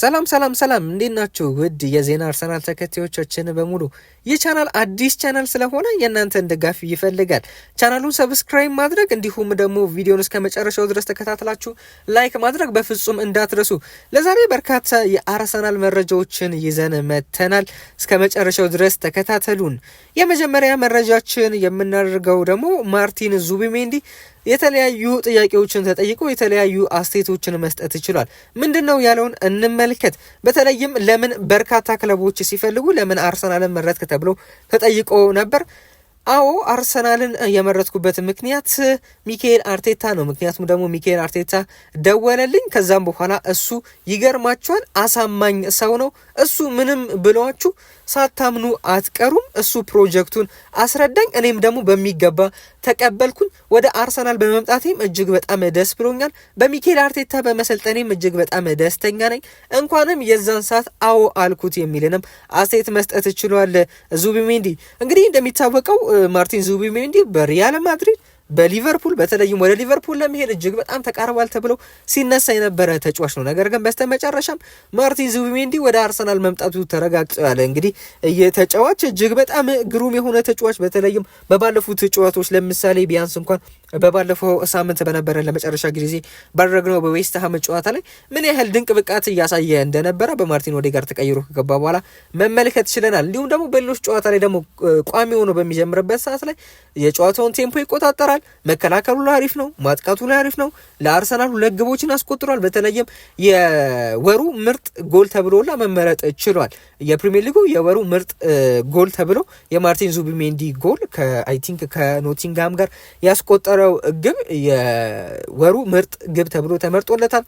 ሰላም ሰላም ሰላም፣ እንዴት ናችሁ? ውድ የዜና አርሰናል ተከታዮቻችን በሙሉ ይህ ቻናል አዲስ ቻናል ስለሆነ የእናንተን ድጋፍ ይፈልጋል። ቻናሉን ሰብስክራይብ ማድረግ እንዲሁም ደግሞ ቪዲዮን እስከ መጨረሻው ድረስ ተከታትላችሁ ላይክ ማድረግ በፍጹም እንዳትረሱ። ለዛሬ በርካታ የአርሰናል መረጃዎችን ይዘን መተናል። እስከ መጨረሻው ድረስ ተከታተሉን። የመጀመሪያ መረጃችን የምናደርገው ደግሞ ማርቲን ዙቢሜንዲ የተለያዩ ጥያቄዎችን ተጠይቆ የተለያዩ አስተያየቶችን መስጠት ይችሏል። ምንድን ነው ያለውን እንመልከት። በተለይም ለምን በርካታ ክለቦች ሲፈልጉ ለምን አርሰናልን መረጥክ ተብሎ ተጠይቆ ነበር። አዎ አርሰናልን የመረጥኩበት ምክንያት ሚካኤል አርቴታ ነው። ምክንያቱም ደግሞ ሚካኤል አርቴታ ደወለልኝ። ከዛም በኋላ እሱ ይገርማችኋል፣ አሳማኝ ሰው ነው። እሱ ምንም ብሏችሁ ሳታምኑ አትቀሩም። እሱ ፕሮጀክቱን አስረዳኝ፣ እኔም ደግሞ በሚገባ ተቀበልኩኝ። ወደ አርሰናል በመምጣቴም እጅግ በጣም ደስ ብሎኛል። በሚኬል አርቴታ በመሰልጠኔም እጅግ በጣም ደስተኛ ነኝ። እንኳንም የዛን ሰዓት አዎ አልኩት የሚልንም አስተያየት መስጠት ችሏል ዙቢሜንዲ። እንግዲህ እንደሚታወቀው ማርቲን ዙቢሜንዲ በሪያል ማድሪድ በሊቨርፑል በተለይም ወደ ሊቨርፑል ለመሄድ እጅግ በጣም ተቃርቧል ተብለው ሲነሳ የነበረ ተጫዋች ነው። ነገር ግን በስተመጨረሻም ማርቲን ዙቢሜንዲ ወደ አርሰናል መምጣቱ ተረጋግጧል። እንግዲህ ተጫዋች እጅግ በጣም ግሩም የሆነ ተጫዋች በተለይም በባለፉት ጨዋታዎች ለምሳሌ ቢያንስ እንኳን በባለፈው ሳምንት በነበረ ለመጨረሻ ጊዜ ባደረግነው በዌስትሃም ጨዋታ ላይ ምን ያህል ድንቅ ብቃት እያሳየ እንደነበረ በማርቲን ኦዴጋርድ ተቀይሮ ከገባ በኋላ መመልከት ችለናል። እንዲሁም ደግሞ በሌሎች ጨዋታ ላይ ደግሞ ቋሚ ሆኖ በሚጀምርበት ሰዓት ላይ የጨዋታውን ቴምፖ ይቆጣጠራል። መከላከሉ ላይ አሪፍ ነው፣ ማጥቃቱ ላይ አሪፍ ነው። ለአርሰናል ሁለት ግቦችን አስቆጥሯል። በተለይም የወሩ ምርጥ ጎል ተብሎላ መመረጥ ችሏል። የፕሪሚየር ሊጉ የወሩ ምርጥ ጎል ተብሎ የማርቲን ዙቢሜንዲ ጎል ከአይ ቲንክ ከኖቲንግሃም ጋር ያስቆጠረ የመጀመሪያው ግብ የወሩ ምርጥ ግብ ተብሎ ተመርጦለታል።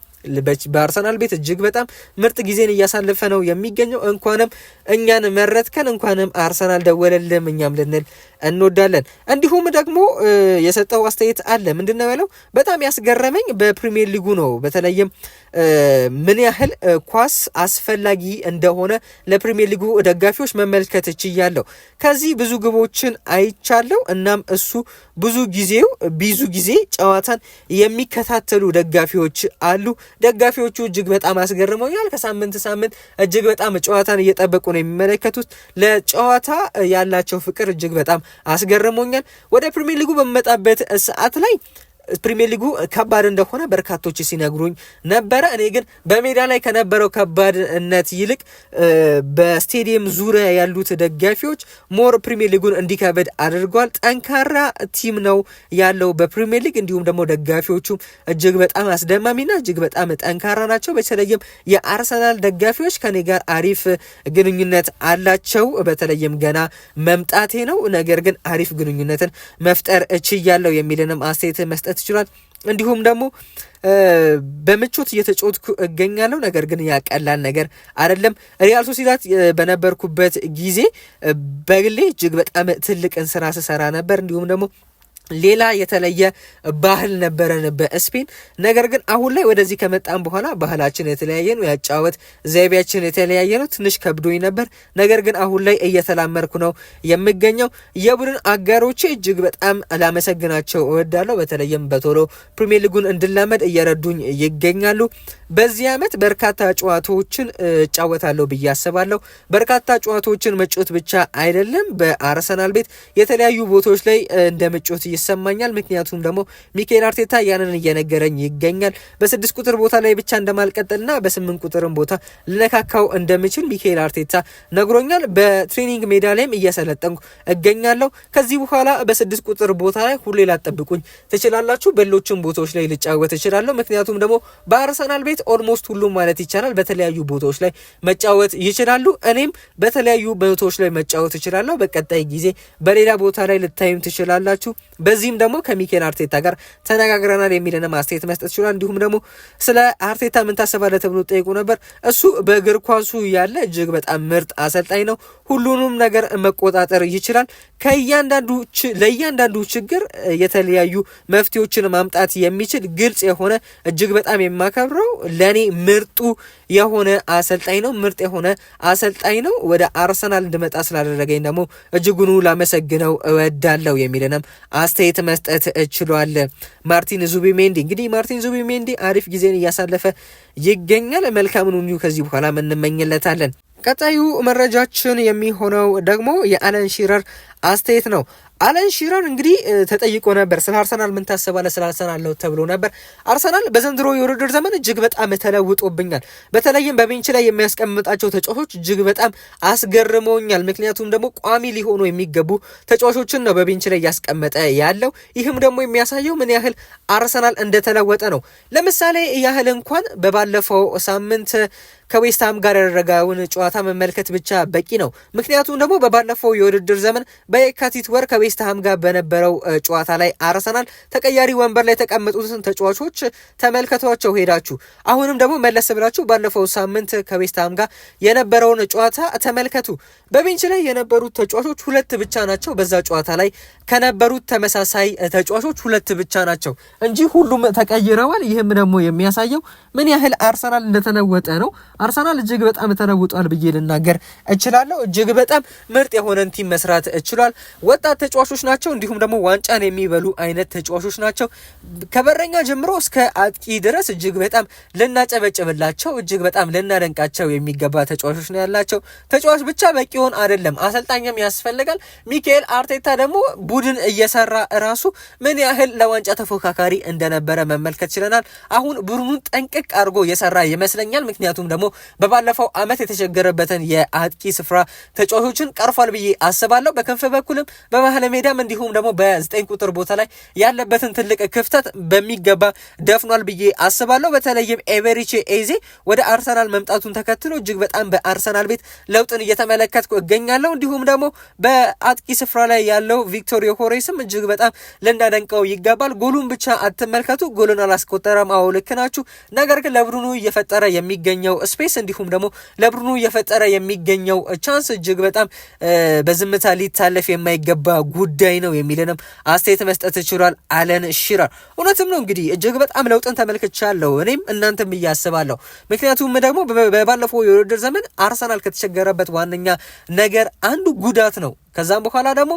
በአርሰናል ቤት እጅግ በጣም ምርጥ ጊዜን እያሳለፈ ነው የሚገኘው። እንኳንም እኛን መረትከን እንኳንም አርሰናል ደወለልም እኛም ልንል እንወዳለን። እንዲሁም ደግሞ የሰጠው አስተያየት አለ። ምንድን ነው ያለው? በጣም ያስገረመኝ በፕሪሚየር ሊጉ ነው። በተለይም ምን ያህል ኳስ አስፈላጊ እንደሆነ ለፕሪሚየር ሊጉ ደጋፊዎች መመልከት እችያለሁ። ከዚህ ብዙ ግቦችን አይቻለሁ። እናም እሱ ብዙ ጊዜው ብዙ ጊዜ ጨዋታን የሚከታተሉ ደጋፊዎች አሉ። ደጋፊዎቹ እጅግ በጣም አስገርመውኛል። ከሳምንት ሳምንት እጅግ በጣም ጨዋታን እየጠበቁ ነው የሚመለከቱት። ለጨዋታ ያላቸው ፍቅር እጅግ በጣም አስገርመኛል። ወደ ፕሪሚየር ሊጉ በመጣበት ሰዓት ላይ ፕሪሚየር ሊጉ ከባድ እንደሆነ በርካቶች ሲነግሩኝ ነበረ። እኔ ግን በሜዳ ላይ ከነበረው ከባድነት ይልቅ በስቴዲየም ዙሪያ ያሉት ደጋፊዎች ሞር ፕሪሚየር ሊጉን እንዲከብድ አድርጓል። ጠንካራ ቲም ነው ያለው በፕሪሚየር ሊግ። እንዲሁም ደግሞ ደጋፊዎቹም እጅግ በጣም አስደማሚና እጅግ በጣም ጠንካራ ናቸው። በተለይም የአርሰናል ደጋፊዎች ከኔ ጋር አሪፍ ግንኙነት አላቸው። በተለይም ገና መምጣቴ ነው። ነገር ግን አሪፍ ግንኙነትን መፍጠር እችያለሁ የሚልንም አስተያየት መስጠት መስጠት ይችላል። እንዲሁም ደግሞ በምቾት እየተጫወትኩ እገኛለሁ። ነገር ግን ያቀላል ነገር አይደለም። ሪያል ሶሲዳድ በነበርኩበት ጊዜ በግሌ እጅግ በጣም ትልቅን ስራ ስሰራ ነበር። እንዲሁም ደግሞ ሌላ የተለየ ባህል ነበረን በስፔን። ነገር ግን አሁን ላይ ወደዚህ ከመጣን በኋላ ባህላችን የተለያየ ነው፣ ያጫወት ዘይቤያችን የተለያየ ነው። ትንሽ ከብዶኝ ነበር፣ ነገር ግን አሁን ላይ እየተላመርኩ ነው የምገኘው። የቡድን አጋሮች እጅግ በጣም ላመሰግናቸው እወዳለሁ። በተለይም በቶሎ ፕሪሚየር ሊጉን እንድላመድ እየረዱኝ ይገኛሉ። በዚህ ዓመት በርካታ ጨዋታዎችን እጫወታለሁ ብዬ አስባለሁ። በርካታ ጨዋታዎችን መጮት ብቻ አይደለም፣ በአርሰናል ቤት የተለያዩ ቦታዎች ላይ እንደ መጮት ይሰማኛል። ምክንያቱም ደግሞ ሚካኤል አርቴታ ያንን እየነገረኝ ይገኛል። በስድስት ቁጥር ቦታ ላይ ብቻ እንደማልቀጥልና በስምንት ቁጥርን ቦታ ልነካካው እንደምችል ሚካኤል አርቴታ ነግሮኛል። በትሬኒንግ ሜዳ ላይም እያሰለጠንኩ እገኛለሁ። ከዚህ በኋላ በስድስት ቁጥር ቦታ ላይ ሁሌ ላጠብቁኝ ትችላላችሁ። በሌሎችም ቦታዎች ላይ ልጫወት እችላለሁ። ምክንያቱም ደግሞ በአርሰናል ቤት ኦልሞስት ሁሉም ማለት ይቻላል በተለያዩ ቦታዎች ላይ መጫወት ይችላሉ። እኔም በተለያዩ ቦታዎች ላይ መጫወት እችላለሁ። በቀጣይ ጊዜ በሌላ ቦታ ላይ ልታዩም ትችላላችሁ። በዚህም ደግሞ ከሚኬል አርቴታ ጋር ተነጋግረናል የሚልን አስተያየት መስጠት ይችላል። እንዲሁም ደግሞ ስለ አርቴታ ምን ታሰባለ ተብሎ ጠይቁ ነበር። እሱ በእግር ኳሱ ያለ እጅግ በጣም ምርጥ አሰልጣኝ ነው። ሁሉንም ነገር መቆጣጠር ይችላል። ከእያንዳንዱ ለእያንዳንዱ ችግር የተለያዩ መፍትሄዎችን ማምጣት የሚችል ግልጽ የሆነ እጅግ በጣም የማከብረው ለእኔ ምርጡ የሆነ አሰልጣኝ ነው። ምርጥ የሆነ አሰልጣኝ ነው። ወደ አርሰናል እንድመጣ ስላደረገኝ ደግሞ እጅጉኑ ላመሰግነው እወዳለው የሚልንም አስተያየት መስጠት ችሏል። ማርቲን ዙቢሜንዲ እንግዲህ ማርቲን ዙቢሜንዲ አሪፍ ጊዜን እያሳለፈ ይገኛል። መልካምን ሁሉ ከዚህ በኋላ እንመኝለታለን። ቀጣዩ መረጃችን የሚሆነው ደግሞ የአለን ሺረር አስተያየት ነው። አለን ሺረን እንግዲህ ተጠይቆ ነበር። ስለ አርሰናል ምን ታስባለህ? ስለ አርሰናል ነው ተብሎ ነበር። አርሰናል በዘንድሮ የውድድር ዘመን እጅግ በጣም ተለውጦብኛል። በተለይም በቤንች ላይ የሚያስቀምጣቸው ተጫዋቾች እጅግ በጣም አስገርመውኛል። ምክንያቱም ደግሞ ቋሚ ሊሆኑ የሚገቡ ተጫዋቾችን ነው በቤንች ላይ እያስቀመጠ ያለው። ይህም ደግሞ የሚያሳየው ምን ያህል አርሰናል እንደተለወጠ ነው። ለምሳሌ ያህል እንኳን በባለፈው ሳምንት ከዌስትሃም ጋር ያደረገውን ጨዋታ መመልከት ብቻ በቂ ነው። ምክንያቱም ደግሞ በባለፈው የውድድር ዘመን በየካቲት ወር ከዌስትሃም ጋር በነበረው ጨዋታ ላይ አርሰናል ተቀያሪ ወንበር ላይ የተቀመጡትን ተጫዋቾች ተመልከቷቸው ሄዳችሁ። አሁንም ደግሞ መለስ ብላችሁ ባለፈው ሳምንት ከዌስትሃም ጋር የነበረውን ጨዋታ ተመልከቱ። በቤንች ላይ የነበሩት ተጫዋቾች ሁለት ብቻ ናቸው። በዛ ጨዋታ ላይ ከነበሩት ተመሳሳይ ተጫዋቾች ሁለት ብቻ ናቸው እንጂ ሁሉም ተቀይረዋል። ይህም ደግሞ የሚያሳየው ምን ያህል አርሰናል እንደተለወጠ ነው። አርሰናል እጅግ በጣም ተለውጧል ብዬ ልናገር እችላለሁ። እጅግ በጣም ምርጥ የሆነን ቲም መስራት እችሏል። ወጣት ተጫዋቾች ናቸው፣ እንዲሁም ደግሞ ዋንጫን የሚበሉ አይነት ተጫዋቾች ናቸው። ከበረኛ ጀምሮ እስከ አጥቂ ድረስ እጅግ በጣም ልናጨበጭብላቸው፣ እጅግ በጣም ልናደንቃቸው የሚገባ ተጫዋቾች ነው ያላቸው። ተጫዋች ብቻ ሆን አይደለም፣ አሰልጣኝም ያስፈልጋል። ሚካኤል አርቴታ ደግሞ ቡድን እየሰራ ራሱ ምን ያህል ለዋንጫ ተፎካካሪ እንደነበረ መመልከት ችለናል። አሁን ቡድኑን ጠንቅቅ አድርጎ የሰራ ይመስለኛል። ምክንያቱም ደግሞ በባለፈው ዓመት የተቸገረበትን የአጥቂ ስፍራ ተጫዋቾችን ቀርፏል ብዬ አስባለሁ። በክንፍ በኩልም በባህለ ሜዳም እንዲሁም ደግሞ በዘጠኝ ቁጥር ቦታ ላይ ያለበትን ትልቅ ክፍተት በሚገባ ደፍኗል ብዬ አስባለሁ። በተለይም ኤቨሪቼ ኤዜ ወደ አርሰናል መምጣቱን ተከትሎ እጅግ በጣም በአርሰናል ቤት ለውጥን እየተመለከትኩ እገኛለሁ። እንዲሁም ደግሞ በአጥቂ ስፍራ ላይ ያለው ቪክቶር ሆሬስም እጅግ በጣም ልናደንቀው ይገባል። ጎሉን ብቻ አትመልከቱ። ጎሉን አላስቆጠረም፣ አዎ ልክ ናችሁ። ነገር ግን ለቡድኑ እየፈጠረ የሚገኘው ስፔስ እንዲሁም ደግሞ ለብሩኑ እየፈጠረ የሚገኘው ቻንስ እጅግ በጣም በዝምታ ሊታለፍ የማይገባ ጉዳይ ነው የሚልንም አስተያየት መስጠት ይችሏል አለን ሽረር። እውነትም ነው እንግዲህ እጅግ በጣም ለውጥን ተመልክቻለሁ እኔም እናንተም እያስባለሁ። ምክንያቱም ደግሞ በባለፈው የውድድር ዘመን አርሰናል ከተቸገረበት ዋነኛ ነገር አንዱ ጉዳት ነው። ከዛም በኋላ ደግሞ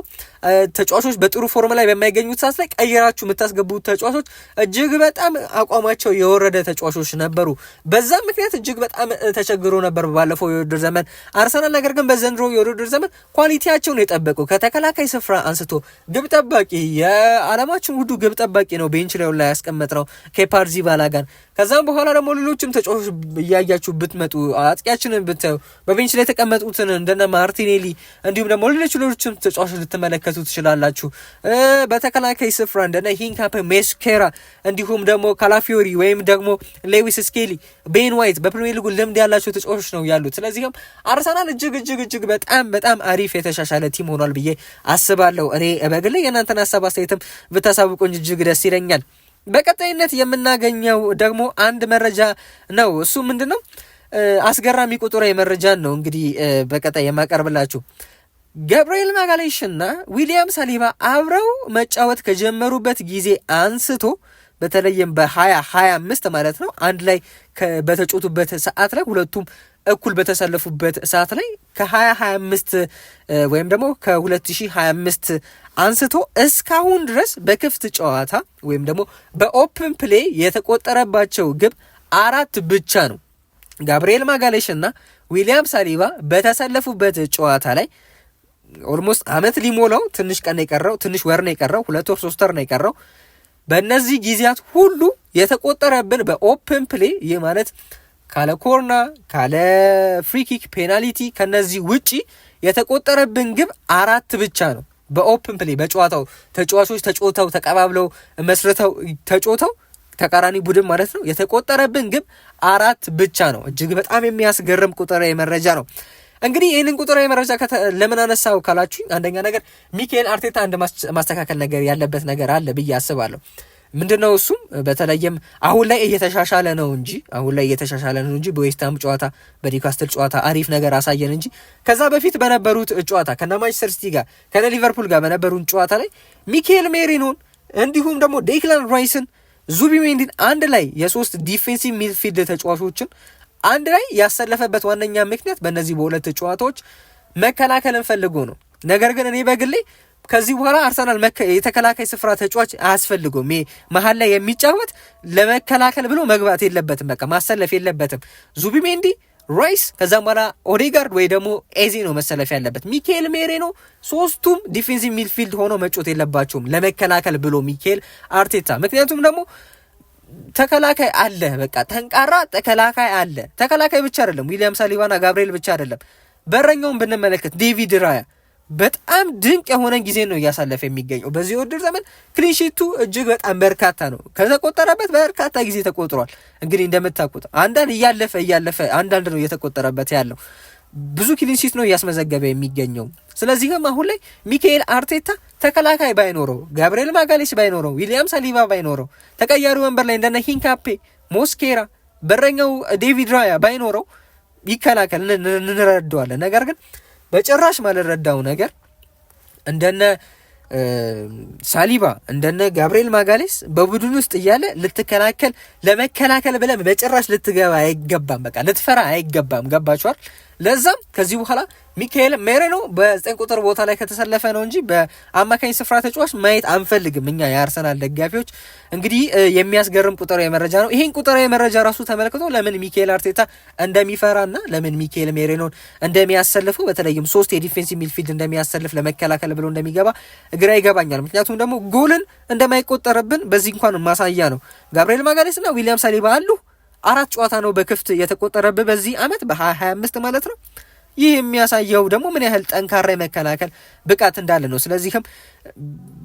ተጫዋቾች በጥሩ ፎርም ላይ በማይገኙት ሰዓት ላይ ቀይራችሁ የምታስገቡት ተጫዋቾች እጅግ በጣም አቋማቸው የወረደ ተጫዋቾች ነበሩ። በዛም ምክንያት እጅግ በጣም ተቸግሮ ነበር ባለፈው የውድድር ዘመን አርሰናል። ነገር ግን በዘንድሮ የውድድር ዘመን ኳሊቲያቸውን የጠበቁ ከተከላካይ ስፍራ አንስቶ ግብ ጠባቂ፣ የዓለማችን ውዱ ግብ ጠባቂ ነው ቤንች ላይ ያስቀመጥ ነው ኬፓርዚ ባላጋን ከዛም በኋላ ደግሞ ሌሎችም ተጫዋቾች እያያችሁ ብትመጡ አጥቂያችንን ብታዩ በቤንች ላይ የተቀመጡትን እንደነ ማርቲኔሊ እንዲሁም ደግሞ ሌሎች ሌሎችም ተጫዋቾች ልትመለከቱ ትችላላችሁ። በተከላካይ ስፍራ እንደነ ሂንካፕ፣ ሜስኬራ እንዲሁም ደግሞ ካላፊዮሪ ወይም ደግሞ ሌዊስ ስኬሊ፣ ቤን ዋይት በፕሪሚየር ሊጉ ልምድ ያላቸው ተጫዋቾች ነው ያሉት። ስለዚህም አርሰናል እጅግ እጅግ እጅግ በጣም በጣም አሪፍ የተሻሻለ ቲም ሆኗል ብዬ አስባለሁ። እኔ በግሌ የእናንተን ሀሳብ አስተያየትም ብታሳውቁኝ እጅግ ደስ ይለኛል። በቀጣይነት የምናገኘው ደግሞ አንድ መረጃ ነው። እሱ ምንድን ነው? አስገራሚ ቁጥራዊ መረጃን ነው እንግዲህ በቀጣይ የማቀርብላችሁ። ገብርኤል ማጋሌሽ እና ዊሊያም ሳሊባ አብረው መጫወት ከጀመሩበት ጊዜ አንስቶ በተለይም በ2025 ማለት ነው አንድ ላይ በተጫወቱበት ሰዓት ላይ ሁለቱም እኩል በተሰለፉበት ሰዓት ላይ ከ2025 ወይም ደግሞ ከ2025 አንስቶ እስካሁን ድረስ በክፍት ጨዋታ ወይም ደግሞ በኦፕን ፕሌይ የተቆጠረባቸው ግብ አራት ብቻ ነው። ጋብርኤል ማጋሌሽ እና ዊሊያም ሳሊባ በተሰለፉበት ጨዋታ ላይ ኦልሞስት አመት ሊሞላው ትንሽ ቀን የቀረው ትንሽ ወር ነው የቀረው ሁለት ወር ሶስት ወር ነው የቀረው። በእነዚህ ጊዜያት ሁሉ የተቆጠረብን በኦፕን ፕሌይ ይህ ማለት ካለ ኮርና ካለ ፍሪኪክ ፔናልቲ ከነዚህ ውጪ የተቆጠረብን ግብ አራት ብቻ ነው። በኦፕን ፕሌ በጨዋታው ተጫዋቾች ተጫውተው ተቀባብለው መስርተው ተጫውተው ተቃራኒ ቡድን ማለት ነው የተቆጠረብን ግብ አራት ብቻ ነው። እጅግ በጣም የሚያስገርም ቁጥራዊ መረጃ ነው። እንግዲህ ይህንን ቁጥራዊ መረጃ ለምን አነሳው ካላችሁኝ፣ አንደኛ ነገር ሚካኤል አርቴታ አንድ ማስተካከል ነገር ያለበት ነገር አለ ብዬ አስባለሁ። ምንድን ነው እሱም በተለይም አሁን ላይ እየተሻሻለ ነው እንጂ አሁን ላይ እየተሻሻለ ነው እንጂ በዌስትሃም ጨዋታ በኒውካስትል ጨዋታ አሪፍ ነገር አሳየን እንጂ ከዛ በፊት በነበሩት ጨዋታ ከነ ማንቸስተር ሲቲ ጋር ከነ ሊቨርፑል ጋር በነበሩን ጨዋታ ላይ ሚካኤል ሜሪኖን እንዲሁም ደግሞ ዴክላን ራይስን ሜንዲን አንድ ላይ የሶስት ዲፌንሲቭ ሚድፊልድ ተጫዋቾችን አንድ ላይ ያሰለፈበት ዋነኛ ምክንያት በእነዚህ በሁለት ጨዋታዎች መከላከልን ፈልጎ ነው። ነገር ግን እኔ በግሌ ከዚህ በኋላ አርሰናል የተከላካይ ስፍራ ተጫዋች አያስፈልገውም። መሀል ላይ የሚጫወት ለመከላከል ብሎ መግባት የለበትም። በቃ ማሰለፍ የለበትም። ዙቢሜንዲ፣ ራይስ ከዛም በኋላ ኦዴጋርድ ወይ ደግሞ ኤዜ ነው መሰለፍ ያለበት። ሚካኤል ሜሬኖ ሶስቱም ዲፌንሲቭ ሚድፊልድ ሆኖ መጮት የለባቸውም ለመከላከል ብሎ ሚካኤል አርቴታ። ምክንያቱም ደግሞ ተከላካይ አለ፣ በቃ ተንቃራ ተከላካይ አለ። ተከላካይ ብቻ አይደለም፣ ዊሊያም ሳሊባና ጋብርኤል ብቻ አይደለም። በረኛውን ብንመለከት ዴቪድ ራያ በጣም ድንቅ የሆነ ጊዜ ነው እያሳለፈ የሚገኘው። በዚህ ውድድር ዘመን ክሊንሺቱ እጅግ በጣም በርካታ ነው። ከተቆጠረበት በርካታ ጊዜ ተቆጥሯል። እንግዲህ እንደምታውቁት አንዳንድ እያለፈ እያለፈ አንዳንድ ነው እየተቆጠረበት ያለው ብዙ ክሊንሺት ነው እያስመዘገበ የሚገኘው። ስለዚህም አሁን ላይ ሚካኤል አርቴታ ተከላካይ ባይኖረው፣ ጋብርኤል ማጋሌስ ባይኖረው፣ ዊሊያም ሳሊባ ባይኖረው፣ ተቀያሪ ወንበር ላይ እንደነ ሂንካፔ፣ ሞስኬራ፣ በረኛው ዴቪድ ራያ ባይኖረው ይከላከል እንረደዋለን ነገር ግን በጭራሽ ማልረዳው ነገር እንደነ ሳሊባ እንደነ ጋብርኤል ማጋሌስ በቡድን ውስጥ እያለ ልትከላከል ለመከላከል ብለን በጭራሽ ልትገባ አይገባም። በቃ ልትፈራ አይገባም። ገባችኋል? ለዛም ከዚህ በኋላ ሚካኤል ሜሬኖ በዘጠኝ ቁጥር ቦታ ላይ ከተሰለፈ ነው እንጂ በአማካኝ ስፍራ ተጫዋች ማየት አንፈልግም። እኛ የአርሰናል ደጋፊዎች እንግዲህ የሚያስገርም ቁጥራዊ መረጃ ነው። ይህን ቁጥራዊ መረጃ ራሱ ተመልክቶ ለምን ሚካኤል አርቴታ እንደሚፈራና ለምን ሚካኤል ሜሬኖን እንደሚያሰልፈው በተለይም ሶስት የዲፌንሲቭ ሚድፊልድ እንደሚያሰልፍ ለመከላከል ብሎ እንደሚገባ ግራ ይገባኛል። ምክንያቱም ደግሞ ጎልን እንደማይቆጠርብን በዚህ እንኳን ማሳያ ነው። ጋብርኤል ና ዊሊያም ሳሊባ አሉ። አራት ጨዋታ ነው በክፍት የተቆጠረብህ በዚህ ዓመት በ25 ማለት ነው ይህ የሚያሳየው ደግሞ ምን ያህል ጠንካራ የመከላከል ብቃት እንዳለ ነው። ስለዚህም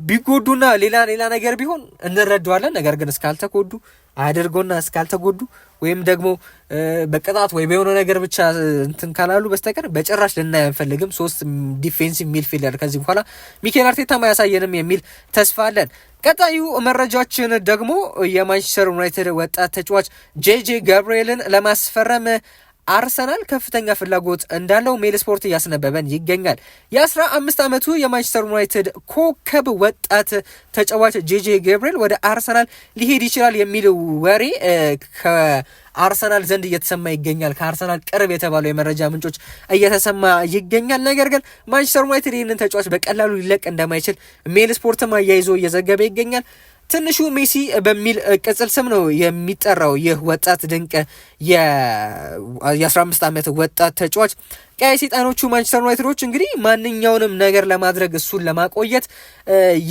ቢጎዱና ሌላ ሌላ ነገር ቢሆን እንረዳዋለን። ነገር ግን እስካልተጎዱ አድርጎና እስካልተጎዱ ወይም ደግሞ በቅጣት ወይ በሆነ ነገር ብቻ እንትን ካላሉ በስተቀር በጭራሽ ልናይ አንፈልግም። ሶስት ዲፌንሲቭ ሚድፊልደር ከዚህ በኋላ ሚኬል አርቴታም አያሳየንም የሚል ተስፋ አለን። ቀጣዩ መረጃችን ደግሞ የማንቸስተር ዩናይትድ ወጣት ተጫዋች ጄጄ ገብርኤልን ለማስፈረም አርሰናል ከፍተኛ ፍላጎት እንዳለው ሜል ስፖርት እያስነበበን ይገኛል። የአስራ አምስት ዓመቱ የማንቸስተር ዩናይትድ ኮከብ ወጣት ተጫዋች ጄጄ ገብርኤል ወደ አርሰናል ሊሄድ ይችላል የሚል ወሬ አርሰናል ዘንድ እየተሰማ ይገኛል። ከአርሰናል ቅርብ የተባሉ የመረጃ ምንጮች እየተሰማ ይገኛል። ነገር ግን ማንቸስተር ዩናይትድ ይህንን ተጫዋች በቀላሉ ሊለቅ እንደማይችል ሜል ስፖርትም አያይዞ እየዘገበ ይገኛል። ትንሹ ሜሲ በሚል ቅጽል ስም ነው የሚጠራው። ይህ ወጣት ድንቅ የ15 ዓመት ወጣት ተጫዋች ቀያይ ሰይጣኖቹ ማንቸስተር ዩናይትዶች እንግዲህ ማንኛውንም ነገር ለማድረግ እሱን ለማቆየት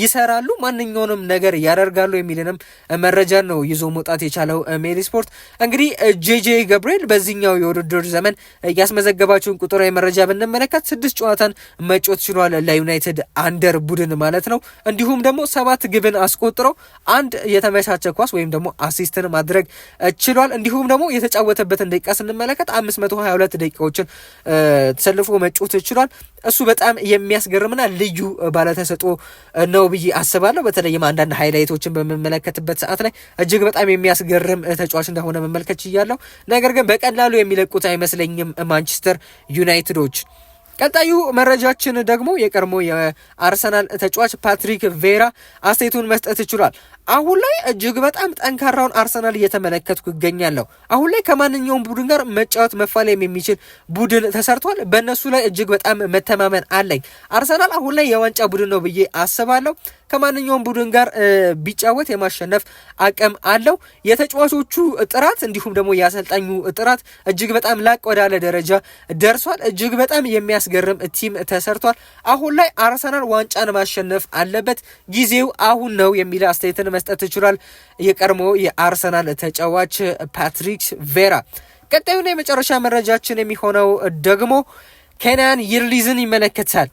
ይሰራሉ፣ ማንኛውንም ነገር ያደርጋሉ የሚልንም መረጃን ነው ይዞ መውጣት የቻለው ሜል ስፖርት። እንግዲህ ጄጄ ገብርኤል በዚህኛው የውድድር ዘመን ያስመዘገባቸውን ቁጥራዊ መረጃ ብንመለከት ስድስት ጨዋታን መጮት ችሏል ለዩናይትድ አንደር ቡድን ማለት ነው። እንዲሁም ደግሞ ሰባት ግብን አስቆጥረው አንድ የተመቻቸ ኳስ ወይም ደግሞ አሲስትን ማድረግ ችሏል። እንዲሁም ደግሞ የተጫወተበትን ደቂቃ ስንመለከት 522 ደቂቃዎችን ተሰልፎ መጮት ችሏል። እሱ በጣም የሚያስገርምና ልዩ ባለተሰጦ ነው ብዬ አስባለሁ። በተለይም አንዳንድ ሃይላይቶችን በምመለከትበት ሰዓት ላይ እጅግ በጣም የሚያስገርም ተጫዋች እንደሆነ መመልከት ችያለሁ። ነገር ግን በቀላሉ የሚለቁት አይመስለኝም ማንቸስተር ዩናይትዶች። ቀጣዩ መረጃችን ደግሞ የቀድሞ የአርሰናል ተጫዋች ፓትሪክ ቬራ አስተያየቱን መስጠት ችሏል። አሁን ላይ እጅግ በጣም ጠንካራውን አርሰናል እየተመለከትኩ ይገኛለሁ። አሁን ላይ ከማንኛውም ቡድን ጋር መጫወት መፋለም የሚችል ቡድን ተሰርቷል። በእነሱ ላይ እጅግ በጣም መተማመን አለኝ። አርሰናል አሁን ላይ የዋንጫ ቡድን ነው ብዬ አስባለሁ። ከማንኛውም ቡድን ጋር ቢጫወት የማሸነፍ አቅም አለው። የተጫዋቾቹ ጥራት እንዲሁም ደግሞ የአሰልጣኙ ጥራት እጅግ በጣም ላቅ ወዳለ ደረጃ ደርሷል። እጅግ በጣም የሚያስገርም ቲም ተሰርቷል። አሁን ላይ አርሰናል ዋንጫን ማሸነፍ አለበት። ጊዜው አሁን ነው የሚል አስተያየትን መስጠት ችሏል የቀድሞ የአርሰናል ተጫዋች ፓትሪክ ቬራ። ቀጣዩና የመጨረሻ መረጃችን የሚሆነው ደግሞ ኬንያን ይርሊዝን ይመለከታል።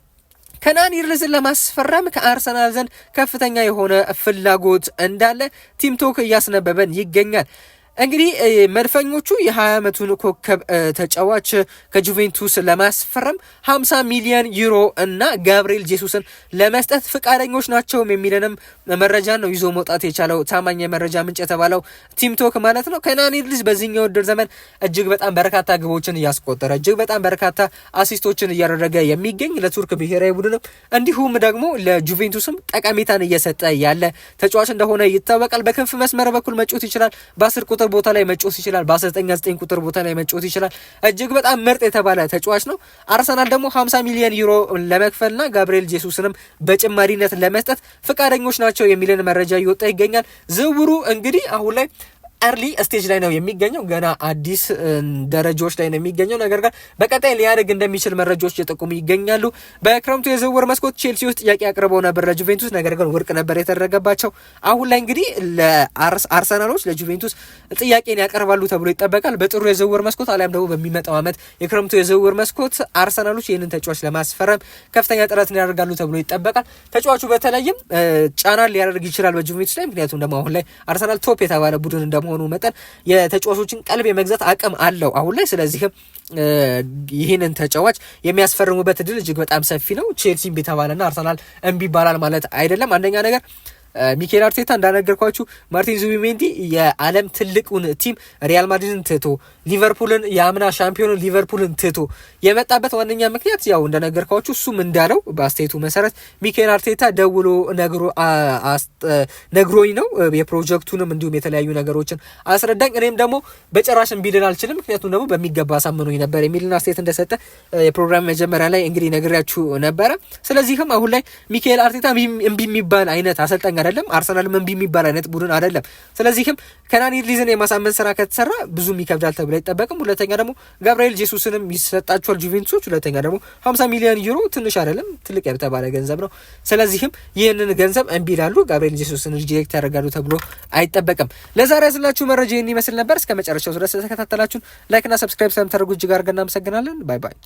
ከናን ይርልዝን ለማስፈረም ከአርሰናል ዘንድ ከፍተኛ የሆነ ፍላጎት እንዳለ ቲምቶክ እያስነበበን ይገኛል። እንግዲህ መድፈኞቹ የ20 ዓመቱን ኮከብ ተጫዋች ከጁቬንቱስ ለማስፈረም 50 ሚሊዮን ዩሮ እና ጋብሪኤል ጄሱስን ለመስጠት ፈቃደኞች ናቸውም የሚለንም መረጃ ነው ይዞ መውጣት የቻለው ታማኝ የመረጃ ምንጭ የተባለው ቲምቶክ ማለት ነው። ከናን ልጅ በዚህኛው ውድድር ዘመን እጅግ በጣም በርካታ ግቦችን እያስቆጠረ እጅግ በጣም በርካታ አሲስቶችን እያደረገ የሚገኝ ለቱርክ ብሔራዊ ቡድንም እንዲሁም ደግሞ ለጁቬንቱስም ጠቀሜታን እየሰጠ ያለ ተጫዋች እንደሆነ ይታወቃል። በክንፍ መስመር በኩል መጫወት ይችላል። በአስር ቁጥር ቁጥር ቦታ ላይ መጫወት ይችላል። በ19 ቁጥር ቦታ ላይ መጫወት ይችላል። እጅግ በጣም ምርጥ የተባለ ተጫዋች ነው። አርሰናል ደግሞ 50 ሚሊዮን ዩሮ ለመክፈልና ጋብርኤል ጄሱስንም በጭማሪነት ለመስጠት ፈቃደኞች ናቸው የሚልን መረጃ እየወጣ ይገኛል። ዝውውሩ እንግዲህ አሁን ላይ ኤርሊ ስቴጅ ላይ ነው የሚገኘው። ገና አዲስ ደረጃዎች ላይ ነው የሚገኘው። ነገር ግን በቀጣይ ሊያደርግ እንደሚችል መረጃዎች እየጠቁሙ ይገኛሉ። በክረምቱ የዝውውር መስኮት ቼልሲ ውስጥ ጥያቄ አቅርበው ነበር ለጁቬንቱስ፣ ነገር ግን ውድቅ ነበር የተደረገባቸው። አሁን ላይ እንግዲህ ለአርሰናሎች ለጁቬንቱስ ጥያቄን ያቀርባሉ ተብሎ ይጠበቃል። በጥሩ የዝውውር መስኮት አሊያም ደግሞ በሚመጣው ዓመት የክረምቱ የዝውውር መስኮት አርሰናሎች ይህንን ተጫዋች ለማስፈረም ከፍተኛ ጥረትን ያደርጋሉ ተብሎ ይጠበቃል። ተጫዋቹ በተለይም ጫና ሊያደርግ ይችላል በጁቬንቱስ ላይ ምክንያቱም ደግሞ አሁን ላይ አርሰናል ቶፕ የተባለ ቡድን እንደመሆኑ እንደመሆኑ መጠን የተጫዋቾችን ቀልብ የመግዛት አቅም አለው አሁን ላይ። ስለዚህም ይህንን ተጫዋች የሚያስፈርሙበት እድል እጅግ በጣም ሰፊ ነው። ቼልሲ ቢተባለና አርሰናል እምቢ ይባላል ማለት አይደለም። አንደኛ ነገር ሚኬል አርቴታ እንዳነገርኳችሁ ማርቲን ዙቢሜንዲ የዓለም ትልቁን ቲም ሪያል ማድሪድን ትቶ ሊቨርፑልን የአምና ሻምፒዮንን ሊቨርፑልን ትቶ የመጣበት ዋነኛ ምክንያት ያው እንደነገርኳችሁ እሱም እንዳለው በአስተያየቱ መሰረት ሚካኤል አርቴታ ደውሎ ነግሮኝ ነው የፕሮጀክቱንም እንዲሁም የተለያዩ ነገሮችን አስረዳኝ። እኔም ደግሞ በጭራሽ ቢልን አልችልም፣ ምክንያቱም ደግሞ በሚገባ አሳምኖኝ ነበር የሚልን አስተያየት እንደሰጠ የፕሮግራም መጀመሪያ ላይ እንግዲህ ነግሬያችሁ ነበረ። ስለዚህም አሁን ላይ ሚካኤል አርቴታ እምቢ የሚባል አይነት አሰልጣኝ አይደለም፣ አርሰናልም እምቢ የሚባል አይነት ቡድን አይደለም። ስለዚህም ከናኒ ሊዝን የማሳመን ስራ ከተሰራ ብዙም ይከብዳል ተብለ አይጠበቅም። ሁለተኛ ደግሞ ጋብርኤል ጄሱስንም ይሰጣቸዋል ጁቬንቱሶች። ሁለተኛ ደግሞ 50 ሚሊዮን ዩሮ ትንሽ አይደለም፣ ትልቅ የተባለ ገንዘብ ነው። ስለዚህም ይህንን ገንዘብ እምቢ ይላሉ፣ ጋብርኤል ጄሱስን ሪጀክት ያደርጋሉ ተብሎ አይጠበቅም። ለዛሬ ያዝላችሁ መረጃ ይህን ይመስል ነበር። እስከ መጨረሻው ድረስ ተከታተላችሁን ላይክና ሰብስክራይብ ስለምታደርጉ እጅግ አድርገን እናመሰግናለን። ባይ ባይ።